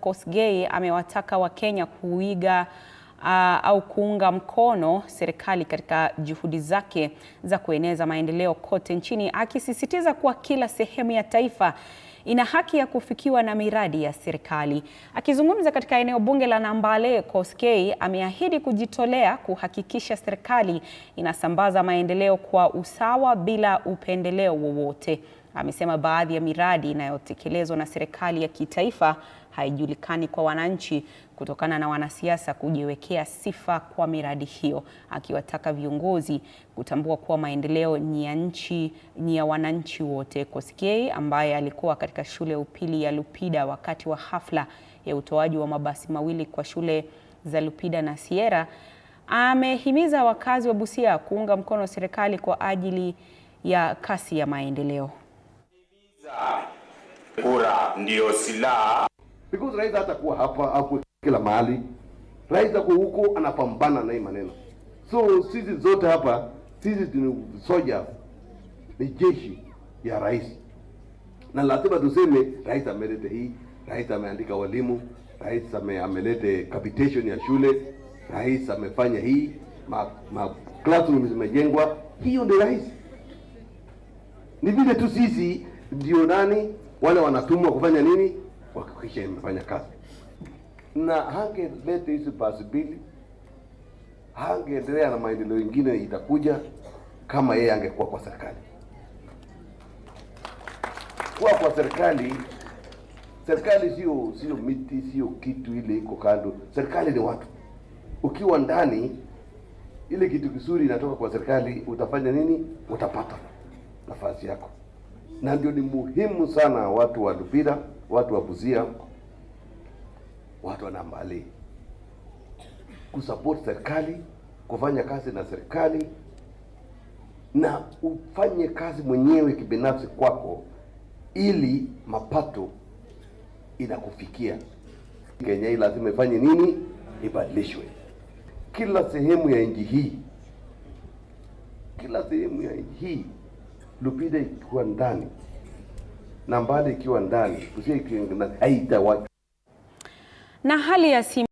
Kosgei amewataka Wakenya kuiga uh, au kuunga mkono serikali katika juhudi zake za kueneza maendeleo kote nchini, akisisitiza kuwa kila sehemu ya taifa ina haki ya kufikiwa na miradi ya serikali. Akizungumza katika eneo bunge la Nambale, Kosgei ameahidi kujitolea kuhakikisha serikali inasambaza maendeleo kwa usawa bila upendeleo wowote amesema baadhi ya miradi inayotekelezwa na serikali ya kitaifa haijulikani kwa wananchi kutokana na wanasiasa kujiwekea sifa kwa miradi hiyo, akiwataka viongozi kutambua kuwa maendeleo ni ya nchi, ni ya wananchi wote. Koskei ambaye alikuwa katika shule ya upili ya Lupida wakati wa hafla ya utoaji wa mabasi mawili kwa shule za Lupida na Sierra amehimiza wakazi wa Busia kuunga mkono serikali kwa ajili ya kasi ya maendeleo. Kura ndio silaha because rais hata kuwa hapa hapo kila mahali, rais ako huko anapambana na hii maneno. So sisi zote hapa, sisi ni soja, ni jeshi ya rais, na lazima tuseme rais amelete hii, rais ameandika walimu, rais ame, amelete capitation ya shule, rais amefanya hii, ma, ma classroom zimejengwa. Hiyo ndio rais. Ni vile tu sisi ndio nani wale wanatumwa kufanya nini, kuhakikisha imefanya kazi. Na hangeleta hizi basi mbili, hangeendelea na maendeleo ingine itakuja kama yeye angekuwa kwa serikali. Kuwa kwa serikali, serikali sio sio miti, sio kitu ile iko kando. Serikali ni watu. Ukiwa ndani ile kitu kizuri inatoka kwa serikali, utafanya nini? Utapata nafasi yako na ndio ni muhimu sana watu wa Lubira, watu wa Busia, watu wa Nambale kusupport serikali, kufanya kazi na serikali na ufanye kazi mwenyewe kibinafsi kwako, ili mapato inakufikia. Kenya hii lazima ifanye nini? Ibadilishwe. Kila sehemu ya nchi hii, kila sehemu ya nchi hii Lupita ikiwa ndani na mbali ikiwa ndani, haitawachwa na hali ya simu.